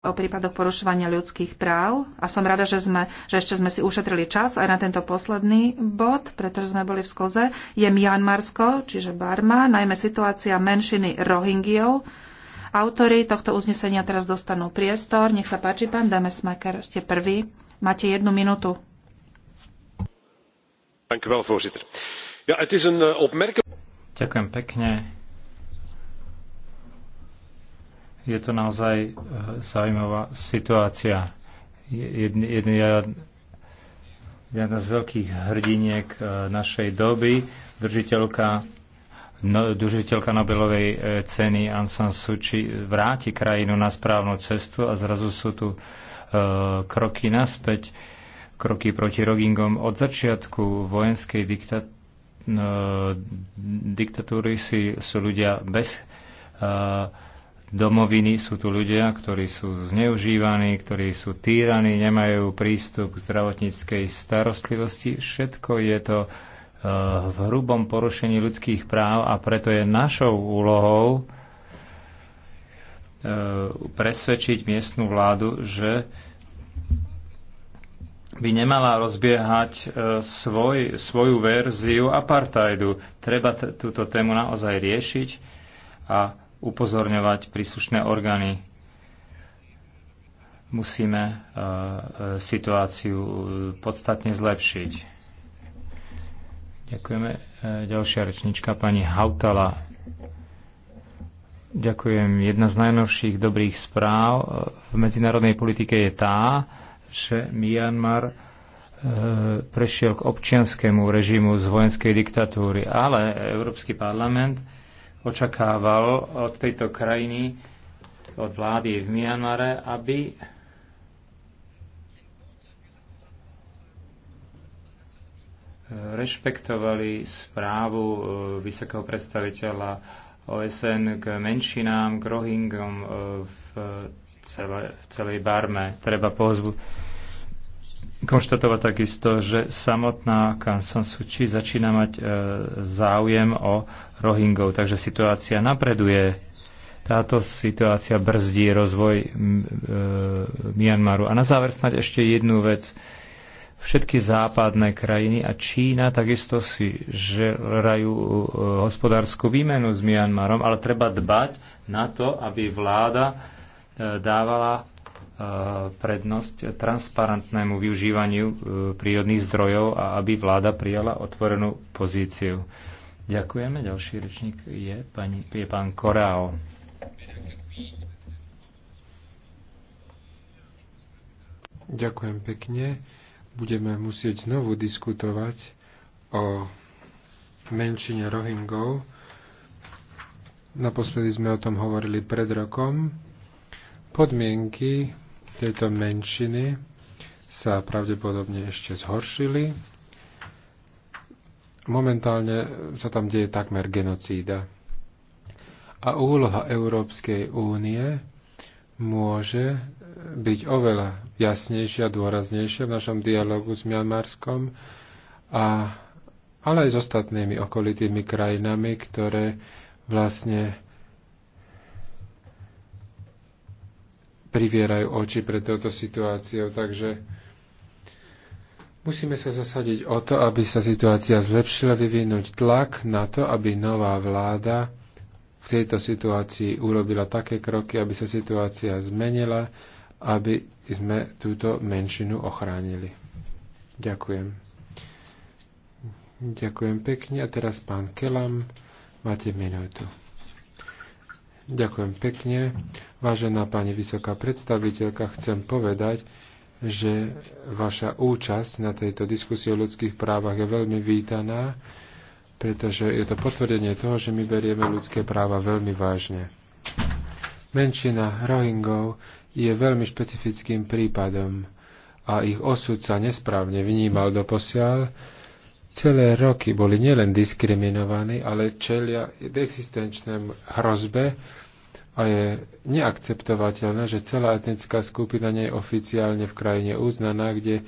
o prípadoch porušovania ľudských práv a som rada, že, sme, že ešte sme si ušetrili čas aj na tento posledný bod, pretože sme boli v sklze, je Mianmarsko, čiže Barma, najmä situácia menšiny Rohingyov. Autori tohto uznesenia teraz dostanú priestor. Nech sa páči, pán Demesmaker, ste prvý. Máte jednu minútu. Eh, Ďakujem pekne. Je to naozaj eh, zaujímavá situácia. Jedn, jedn jedna z veľkých hrdiniek eh, našej doby, držiteľka, no, držiteľka Nobelovej eh, ceny Ansan Suči vráti krajinu na správnu cestu a zrazu sú tu e, kroky naspäť, kroky proti Rogingom. Od začiatku vojenskej dikta, e, diktatúry si, sú ľudia bez e, domoviny. Sú tu ľudia, ktorí sú zneužívaní, ktorí sú týraní, nemajú prístup k zdravotníckej starostlivosti. Všetko je to eh, v hrubom porušení ľudských práv a preto je našou úlohou eh, presvedčiť miestnú vládu, že by nemala rozbiehať eh, svoj, svoju verziu apartheidu. Treba túto tému naozaj riešiť a upozorňovať príslušné orgány. Musíme e, e, situáciu e, podstatne zlepšiť. Ďakujeme. Ďalšia rečnička, pani Hautala. Ďakujem. Jedna z najnovších dobrých správ v medzinárodnej politike je tá, že Myanmar prešiel k občianskému režimu z vojenskej diktatúry, ale Európsky parlament očakával od tejto krajiny, od vlády v Mianmare, aby rešpektovali správu e, vysokého predstaviteľa OSN k menšinám, k rohingom e, v, celé, v celej Barme. Treba pozbu- konštatovať takisto, že samotná Kansan Suči začína mať e, záujem o Rohingov, takže situácia napreduje. Táto situácia brzdí rozvoj e, Myanmaru. A na záver snáď ešte jednu vec. Všetky západné krajiny a Čína takisto si želajú e, hospodárskú výmenu s Myanmarom, ale treba dbať na to, aby vláda e, dávala prednosť transparentnému využívaniu e, prírodných zdrojov a aby vláda prijala otvorenú pozíciu. Ďakujeme. Ďalší rečník je, pani, je pán Koreao. Ďakujem pekne. Budeme musieť znovu diskutovať o menšine Rohingov. Naposledy sme o tom hovorili pred rokom. Podmienky tejto menšiny sa pravdepodobne ešte zhoršili. Momentálne sa tam deje takmer genocída. A úloha Európskej únie môže byť oveľa jasnejšia, dôraznejšia v našom dialogu s Mianmarskom, a, ale aj s ostatnými okolitými krajinami, ktoré vlastne privierajú oči pred touto situáciou. Takže musíme sa zasadiť o to, aby sa situácia zlepšila, vyvinúť tlak na to, aby nová vláda v tejto situácii urobila také kroky, aby sa situácia zmenila, aby sme túto menšinu ochránili. Ďakujem. Ďakujem pekne. A teraz pán Kelam, máte minútu. Ďakujem pekne. Vážená pani vysoká predstaviteľka, chcem povedať, že vaša účasť na tejto diskusii o ľudských právach je veľmi vítaná, pretože je to potvrdenie toho, že my berieme ľudské práva veľmi vážne. Menšina Rohingov je veľmi špecifickým prípadom a ich osud sa nesprávne vnímal doposiaľ, celé roky boli nielen diskriminovaní, ale čelia existenčnému hrozbe a je neakceptovateľné, že celá etnická skupina nie je oficiálne v krajine uznaná, kde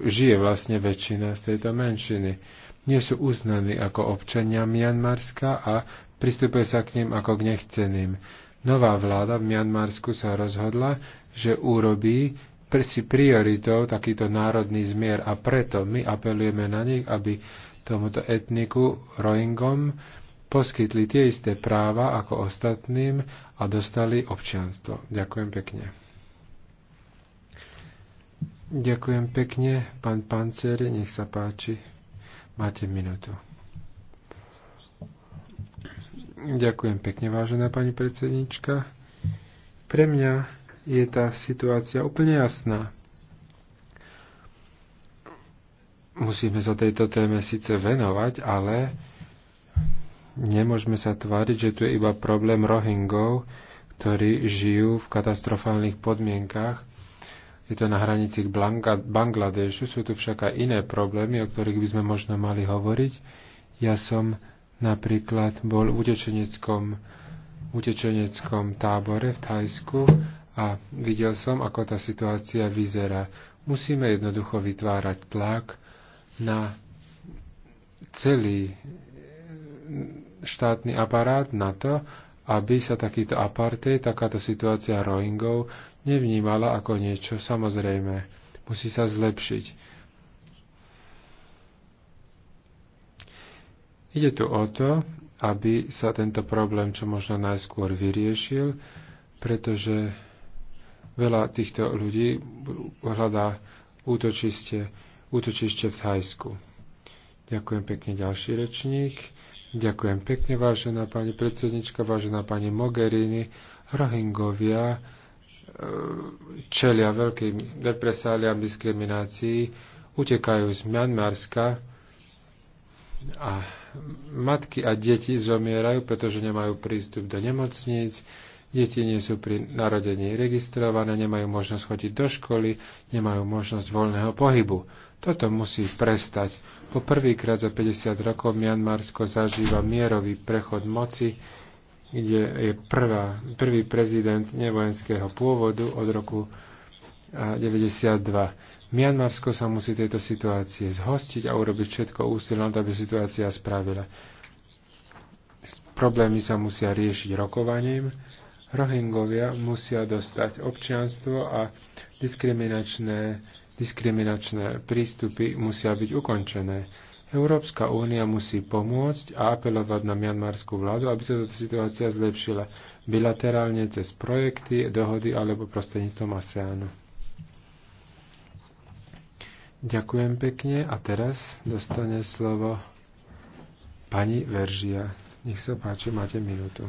žije vlastne väčšina z tejto menšiny. Nie sú uznaní ako občania Mianmarska a pristupuje sa k ním ako k nechceným. Nová vláda v Mianmarsku sa rozhodla, že urobí si prioritou takýto národný zmier a preto my apelujeme na nich, aby tomuto etniku Rohingom poskytli tie isté práva ako ostatným a dostali občianstvo. Ďakujem pekne. Ďakujem pekne, pán Panceri, nech sa páči. Máte minútu. Ďakujem pekne, vážená pani predsednička. Pre mňa je tá situácia úplne jasná. Musíme sa tejto téme síce venovať, ale nemôžeme sa tváriť, že tu je iba problém Rohingov, ktorí žijú v katastrofálnych podmienkach. Je to na hranici k Bangladešu, sú tu však aj iné problémy, o ktorých by sme možno mali hovoriť. Ja som napríklad bol v utečeneckom, utečeneckom tábore v Thajsku a videl som, ako tá situácia vyzerá. Musíme jednoducho vytvárať tlak na celý mm, štátny aparát na to, aby sa takýto apartheid, takáto situácia Rohingov nevnímala ako niečo samozrejme. Musí sa zlepšiť. Ide tu o to, aby sa tento problém čo možno najskôr vyriešil, pretože Veľa týchto ľudí hľadá útočište, útočište v Thajsku. Ďakujem pekne ďalší rečník. Ďakujem pekne, vážená pani predsednička, vážená pani Mogherini. Rohingovia e, čelia veľkým represáliám diskriminácií, utekajú z Mianmarska a matky a deti zomierajú, pretože nemajú prístup do nemocníc, Deti nie sú pri narodení registrované, nemajú možnosť chodiť do školy, nemajú možnosť voľného pohybu. Toto musí prestať. Po prvýkrát za 50 rokov Mianmarsko zažíva mierový prechod moci, kde je prvá, prvý prezident nevojenského pôvodu od roku 92. Mianmarsko sa musí tejto situácie zhostiť a urobiť všetko úsilné, aby situácia spravila. Problémy sa musia riešiť rokovaním, Rohingovia musia dostať občianstvo a diskriminačné, diskriminačné prístupy musia byť ukončené. Európska únia musí pomôcť a apelovať na mianmarskú vládu, aby sa táto situácia zlepšila bilaterálne cez projekty, dohody alebo prostredníctvom ASEANu. Ďakujem pekne a teraz dostane slovo pani Veržia. Nech sa páči, máte minútu.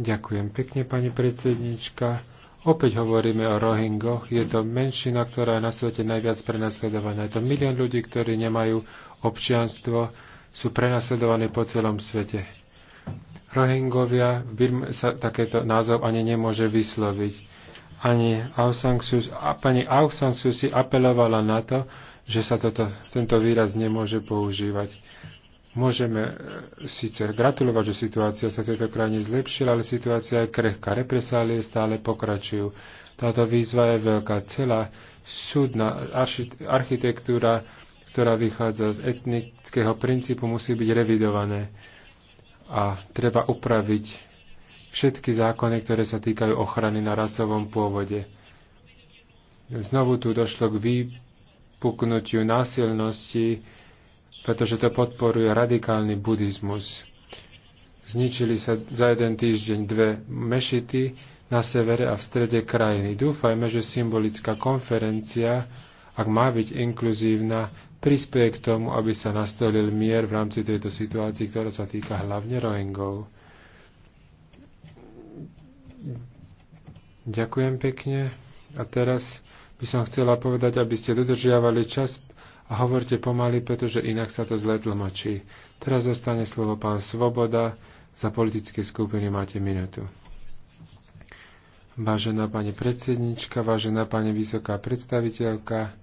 Ďakujem pekne, pani predsednička. Opäť hovoríme o Rohingoch. Je to menšina, ktorá je na svete najviac prenasledovaná. Je to milión ľudí, ktorí nemajú občianstvo, sú prenasledovaní po celom svete. Rohingovia, sa takéto názov ani nemôže vysloviť. Ani Aung San Suu, a pani Aung San Suu si apelovala na to, že sa toto, tento výraz nemôže používať. Môžeme e, síce gratulovať, že situácia sa v tejto krajine zlepšila, ale situácia je krehká. Represálie stále pokračujú. Táto výzva je veľká. Celá súdna architektúra, ktorá vychádza z etnického princípu, musí byť revidované. A treba upraviť všetky zákony, ktoré sa týkajú ochrany na racovom pôvode. Znovu tu došlo k výpuknutiu násilnosti, pretože to podporuje radikálny buddhizmus. Zničili sa za jeden týždeň dve mešity na severe a v strede krajiny. Dúfajme, že symbolická konferencia, ak má byť inkluzívna, prispieje k tomu, aby sa nastolil mier v rámci tejto situácii, ktorá sa týka hlavne Rohingov. Ďakujem pekne. A teraz by som chcela povedať, aby ste dodržiavali čas a hovorte pomaly, pretože inak sa to zle tlmočí. Teraz zostane slovo pán Svoboda. Za politické skupiny máte minútu. Vážená pani predsednička, vážená pani vysoká predstaviteľka,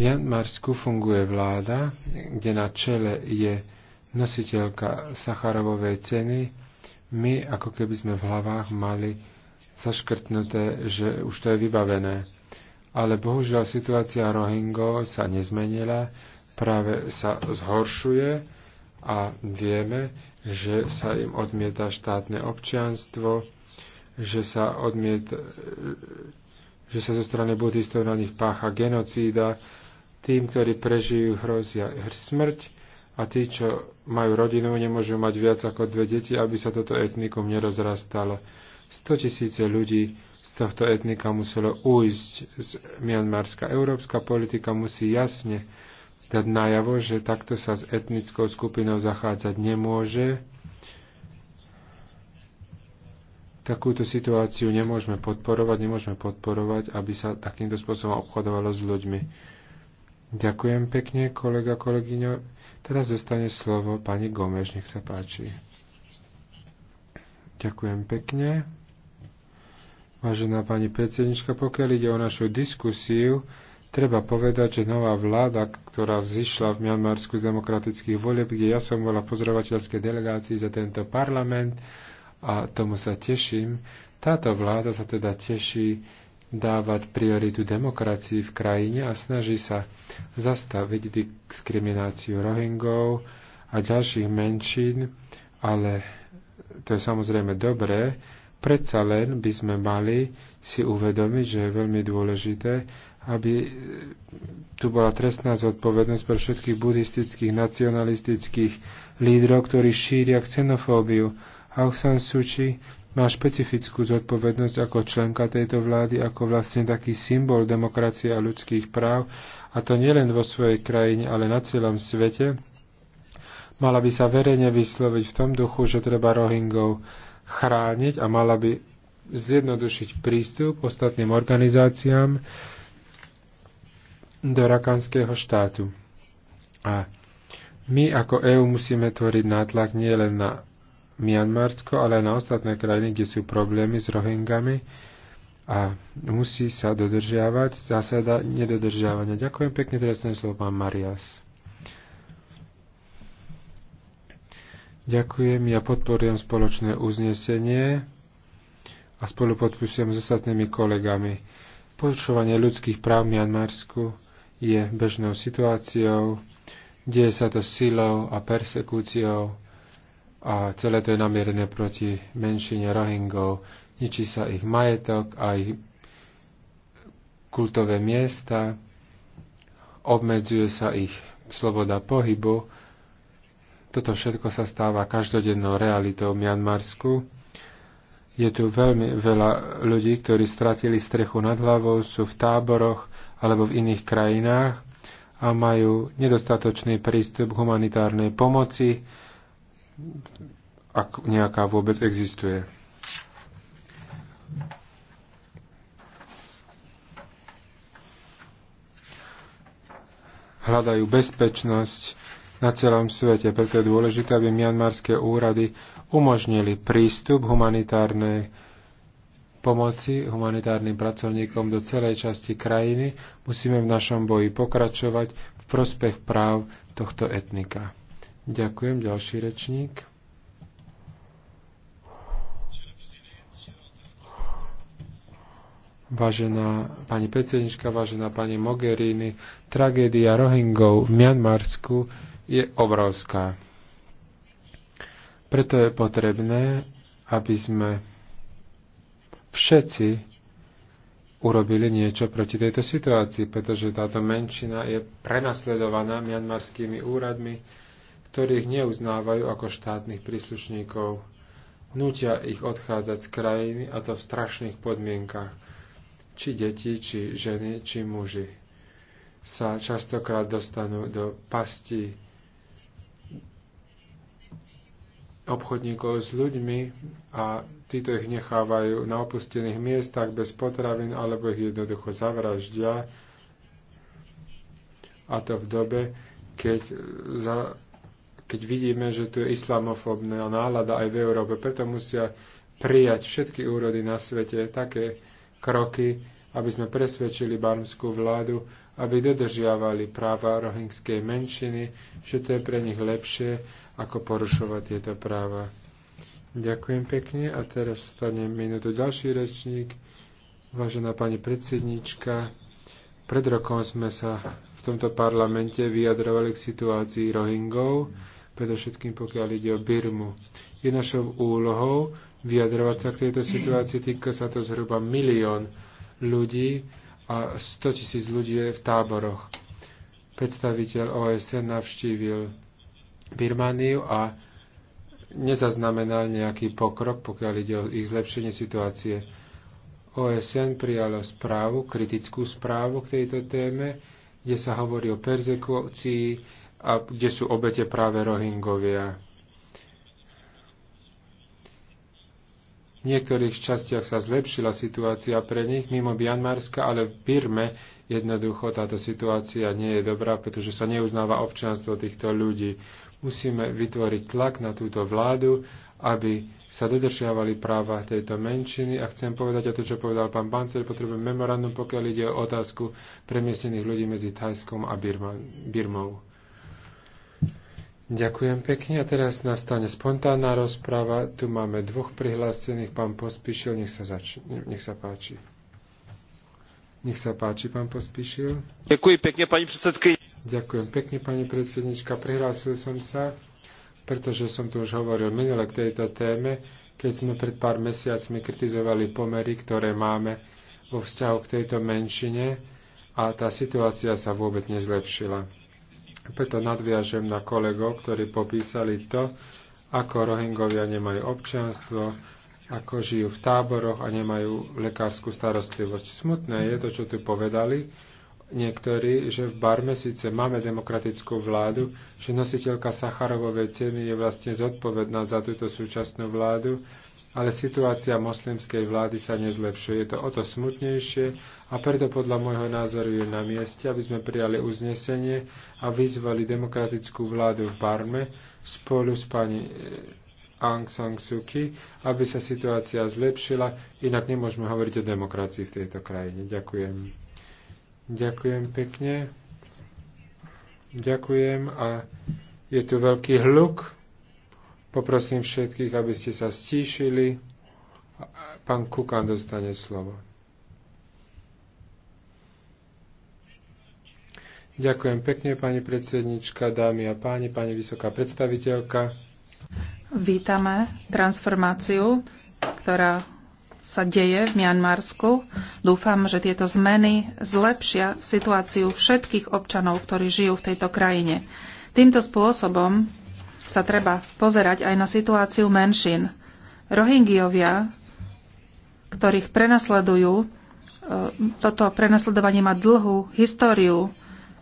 v Janmarsku funguje vláda, kde na čele je nositeľka Sacharovovej ceny. My ako keby sme v hlavách mali zaškrtnuté, že už to je vybavené ale bohužiaľ situácia Rohingov sa nezmenila, práve sa zhoršuje a vieme, že sa im odmieta štátne občianstvo, že sa odmieta, že sa zo strany buddhistov na nich pácha genocída, tým, ktorí prežijú, hrozia smrť a tí, čo majú rodinu, nemôžu mať viac ako dve deti, aby sa toto etnikum nerozrastalo. 100 tisíce ľudí z tohto etnika muselo ujsť z Mianmarska. Európska politika musí jasne dať najavo, že takto sa s etnickou skupinou zachádzať nemôže. Takúto situáciu nemôžeme podporovať, nemôžeme podporovať, aby sa takýmto spôsobom obchodovalo s ľuďmi. Ďakujem pekne, kolega, kolegyňo. Teraz zostane slovo pani Gomeš, nech sa páči. Ďakujem pekne. Vážená pani predsednička, pokiaľ ide o našu diskusiu, treba povedať, že nová vláda, ktorá vzýšla v Mianmarsku z demokratických volieb, kde ja som bola pozorovateľskej delegácii za tento parlament a tomu sa teším, táto vláda sa teda teší dávať prioritu demokracii v krajine a snaží sa zastaviť diskrimináciu Rohingov a ďalších menšín, ale to je samozrejme dobré, Predsa len by sme mali si uvedomiť, že je veľmi dôležité, aby tu bola trestná zodpovednosť pre všetkých buddhistických, nacionalistických lídrov, ktorí šíria xenofóbiu. Aung San Suu Kyi má špecifickú zodpovednosť ako členka tejto vlády, ako vlastne taký symbol demokracie a ľudských práv, a to nielen vo svojej krajine, ale na celom svete. Mala by sa verejne vysloviť v tom duchu, že treba Rohingov chrániť a mala by zjednodušiť prístup ostatným organizáciám do rakanského štátu. A my ako EÚ musíme tvoriť nátlak nielen na Mianmarsko, ale aj na ostatné krajiny, kde sú problémy s Rohingami a musí sa dodržiavať zásada nedodržiavania. Ďakujem pekne, teraz slovo pán Marias. Ďakujem, ja podporujem spoločné uznesenie a spolu s ostatnými kolegami. Porušovanie ľudských práv v Mianmarsku je bežnou situáciou, deje sa to silou a persekúciou a celé to je namierené proti menšine Rohingov. Ničí sa ich majetok a ich kultové miesta, obmedzuje sa ich sloboda pohybu toto všetko sa stáva každodennou realitou v Mianmarsku. Je tu veľmi veľa ľudí, ktorí stratili strechu nad hlavou, sú v táboroch alebo v iných krajinách a majú nedostatočný prístup k humanitárnej pomoci, ak nejaká vôbec existuje. Hľadajú bezpečnosť na celom svete. Preto je dôležité, aby mianmarské úrady umožnili prístup humanitárnej pomoci humanitárnym pracovníkom do celej časti krajiny. Musíme v našom boji pokračovať v prospech práv tohto etnika. Ďakujem, ďalší rečník. Vážená pani predsednička, vážená pani Mogherini, tragédia Rohingov v Mianmarsku je obrovská. Preto je potrebné, aby sme všetci urobili niečo proti tejto situácii, pretože táto menšina je prenasledovaná mianmarskými úradmi, ktorých neuznávajú ako štátnych príslušníkov. Nutia ich odchádzať z krajiny a to v strašných podmienkach. Či deti, či ženy, či muži sa častokrát dostanú do pasti obchodníkov s ľuďmi a títo ich nechávajú na opustených miestach bez potravín alebo ich jednoducho zavraždia. A to v dobe, keď, za, keď vidíme, že tu je islamofobná nálada aj v Európe. Preto musia prijať všetky úrody na svete také kroky, aby sme presvedčili barmskú vládu, aby dodržiavali práva rohingskej menšiny, že to je pre nich lepšie, ako porušovať tieto práva. Ďakujem pekne a teraz stane minútu ďalší rečník, vážená pani predsednička. Pred rokom sme sa v tomto parlamente vyjadrovali k situácii Rohingov, predovšetkým pokiaľ ide o Birmu. Je našou úlohou vyjadrovať sa k tejto situácii, týka sa to zhruba milión ľudí a 100 tisíc ľudí je v táboroch. Predstaviteľ OSN navštívil Birmaniu a nezaznamenal nejaký pokrok, pokiaľ ide o ich zlepšenie situácie. OSN prijalo správu, kritickú správu k tejto téme, kde sa hovorí o perzekúcii a kde sú obete práve Rohingovia. V niektorých častiach sa zlepšila situácia pre nich mimo Bianmarska, ale v Birme jednoducho táto situácia nie je dobrá, pretože sa neuznáva občianstvo týchto ľudí. Musíme vytvoriť tlak na túto vládu, aby sa dodržiavali práva tejto menšiny. A chcem povedať o to, čo povedal pán Bancer, potrebujem memorandum, pokiaľ ide o otázku premiestnených ľudí medzi Thajskom a Birmou. Ďakujem pekne. A teraz nastane spontánna rozpráva. Tu máme dvoch prihlásených. Pán Pospíšil, nech sa, zač- nech sa páči. Nech sa páči, pán Pospíšil. Ďakujem pekne, pani predsedkyni. Ďakujem pekne, pani predsednička. Prihlásil som sa, pretože som tu už hovoril minule k tejto téme, keď sme pred pár mesiacmi kritizovali pomery, ktoré máme vo vzťahu k tejto menšine a tá situácia sa vôbec nezlepšila. Preto nadviažem na kolegov, ktorí popísali to, ako Rohingovia nemajú občianstvo, ako žijú v táboroch a nemajú lekárskú starostlivosť. Smutné je to, čo tu povedali, niektorí, že v Barme síce máme demokratickú vládu, že nositeľka Sacharovovej ceny je vlastne zodpovedná za túto súčasnú vládu, ale situácia moslimskej vlády sa nezlepšuje. Je to o to smutnejšie a preto podľa môjho názoru je na mieste, aby sme prijali uznesenie a vyzvali demokratickú vládu v Barme spolu s pani eh, Aung San Suu Kyi, aby sa situácia zlepšila, inak nemôžeme hovoriť o demokracii v tejto krajine. Ďakujem. Ďakujem pekne. Ďakujem a je tu veľký hluk. Poprosím všetkých, aby ste sa stíšili. Pán Kukan dostane slovo. Ďakujem pekne, pani predsednička, dámy a páni, pani vysoká predstaviteľka. Vítame transformáciu, ktorá sa deje v Mianmarsku. Dúfam, že tieto zmeny zlepšia situáciu všetkých občanov, ktorí žijú v tejto krajine. Týmto spôsobom sa treba pozerať aj na situáciu menšín. Rohingiovia, ktorých prenasledujú, e, toto prenasledovanie má dlhú históriu.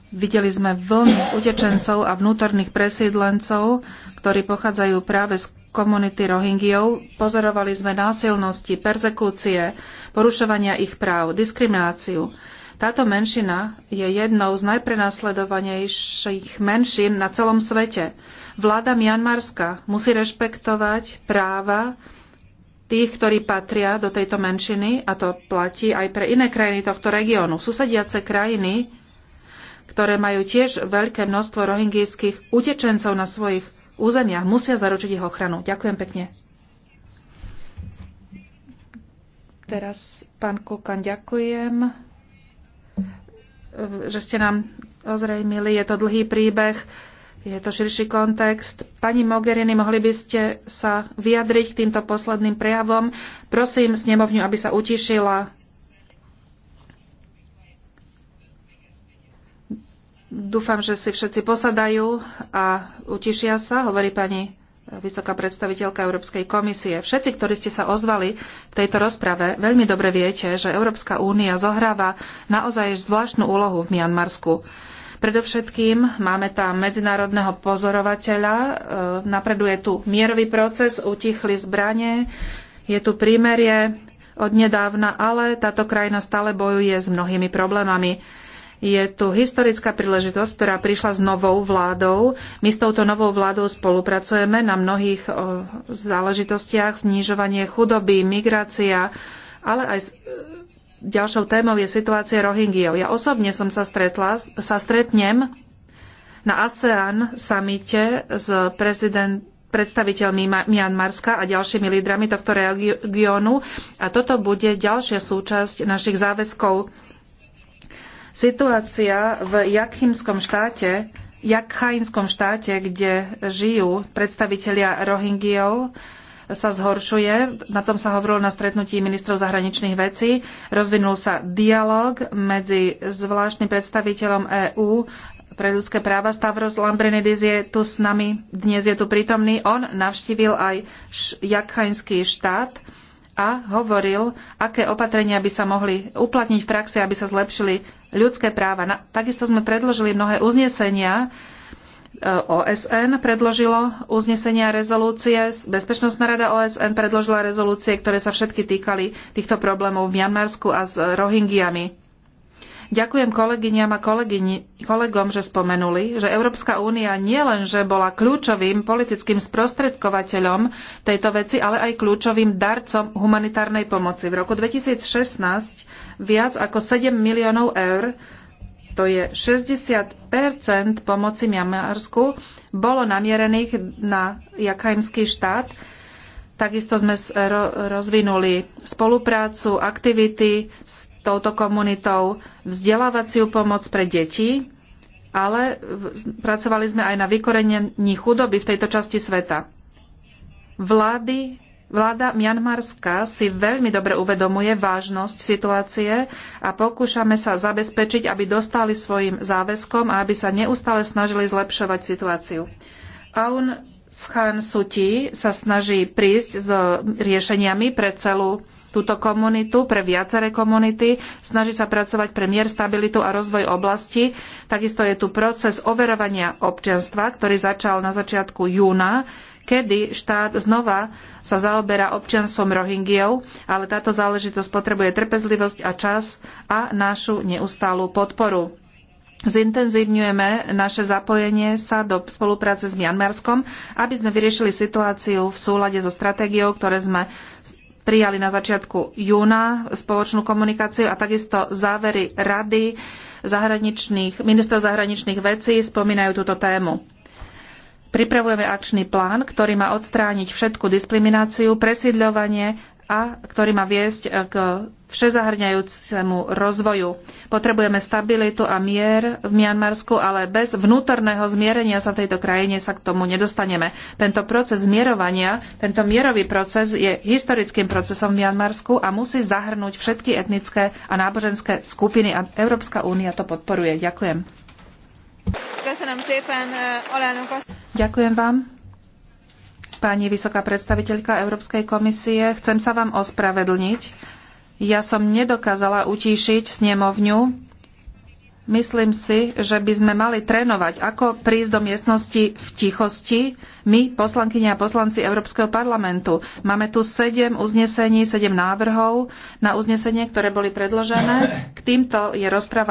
Videli sme vlny utečencov a vnútorných presídlencov, ktorí pochádzajú práve z komunity Rohingyov. Pozorovali sme násilnosti, persekúcie, porušovania ich práv, diskrimináciu. Táto menšina je jednou z najprenasledovanejších menšín na celom svete. Vláda Mianmarska musí rešpektovať práva tých, ktorí patria do tejto menšiny, a to platí aj pre iné krajiny tohto regiónu. Susediace krajiny, ktoré majú tiež veľké množstvo rohingijských utečencov na svojich územiach. Musia zaručiť ich ochranu. Ďakujem pekne. Teraz, pán Kukan, ďakujem, že ste nám ozrejmili. Je to dlhý príbeh, je to širší kontext. Pani Mogherini, mohli by ste sa vyjadriť k týmto posledným prejavom. Prosím snemovňu, aby sa utišila. Dúfam, že si všetci posadajú a utišia sa, hovorí pani vysoká predstaviteľka Európskej komisie. Všetci, ktorí ste sa ozvali v tejto rozprave, veľmi dobre viete, že Európska únia zohráva naozaj zvláštnu úlohu v Mianmarsku. Predovšetkým máme tam medzinárodného pozorovateľa, e, napreduje tu mierový proces, utichli zbranie, je tu prímerie odnedávna, ale táto krajina stále bojuje s mnohými problémami. Je tu historická príležitosť, ktorá prišla s novou vládou. My s touto novou vládou spolupracujeme na mnohých záležitostiach, znižovanie chudoby, migrácia, ale aj e, ďalšou témou je situácia Rohingyov. Ja osobne som sa stretla, sa stretnem na ASEAN samite s prezident, predstaviteľmi Mianmarska a ďalšími lídrami tohto regiónu a toto bude ďalšia súčasť našich záväzkov Situácia v Jakchimskom štáte, Jakchajinskom štáte, kde žijú predstavitelia Rohingyov, sa zhoršuje. Na tom sa hovorilo na stretnutí ministrov zahraničných vecí. Rozvinul sa dialog medzi zvláštnym predstaviteľom EÚ pre ľudské práva Stavros Lambrinidis je tu s nami, dnes je tu prítomný. On navštívil aj Jakhainský štát a hovoril, aké opatrenia by sa mohli uplatniť v praxi, aby sa zlepšili ľudské práva. Takisto sme predložili mnohé uznesenia, e, OSN predložilo uznesenia rezolúcie, Bezpečnostná rada OSN predložila rezolúcie, ktoré sa všetky týkali týchto problémov v Mianmarsku a s Rohingyami. Ďakujem kolegyňam a kolegyni, kolegom, že spomenuli, že Európska únia nielenže bola kľúčovým politickým sprostredkovateľom tejto veci, ale aj kľúčovým darcom humanitárnej pomoci. V roku 2016 viac ako 7 miliónov eur to je 60 pomoci Miamarsku, bolo namierených na Jakajmský štát. Takisto sme rozvinuli spoluprácu, aktivity s touto komunitou, vzdelávaciu pomoc pre deti, ale pracovali sme aj na vykorenení chudoby v tejto časti sveta. Vlády, vláda Mianmarska si veľmi dobre uvedomuje vážnosť situácie a pokúšame sa zabezpečiť, aby dostali svojim záväzkom a aby sa neustále snažili zlepšovať situáciu. Aun Schan Suti sa snaží prísť s riešeniami pre celú túto komunitu, pre viaceré komunity, snaží sa pracovať pre mier, stabilitu a rozvoj oblasti. Takisto je tu proces overovania občianstva, ktorý začal na začiatku júna, kedy štát znova sa zaoberá občianstvom Rohingyov, ale táto záležitosť potrebuje trpezlivosť a čas a našu neustálu podporu. Zintenzívňujeme naše zapojenie sa do spolupráce s Mianmarskom, aby sme vyriešili situáciu v súlade so stratégiou, ktoré sme prijali na začiatku júna spoločnú komunikáciu a takisto závery rady zahraničných, ministrov zahraničných vecí spomínajú túto tému. Pripravujeme akčný plán, ktorý má odstrániť všetku diskrimináciu, presídľovanie a ktorý má viesť e, k všezahrňajúcemu rozvoju. Potrebujeme stabilitu a mier v Mianmarsku, ale bez vnútorného zmierenia sa v tejto krajine sa k tomu nedostaneme. Tento proces zmierovania, tento mierový proces je historickým procesom v Mianmarsku a musí zahrnúť všetky etnické a náboženské skupiny a Európska únia to podporuje. Ďakujem. Ďakujem vám. Pani vysoká predstaviteľka Európskej komisie, chcem sa vám ospravedlniť. Ja som nedokázala utíšiť snemovňu. Myslím si, že by sme mali trénovať, ako prísť do miestnosti v tichosti. My, poslankyne a poslanci Európskeho parlamentu, máme tu sedem uznesení, sedem návrhov na uznesenie, ktoré boli predložené. K týmto je rozpráva.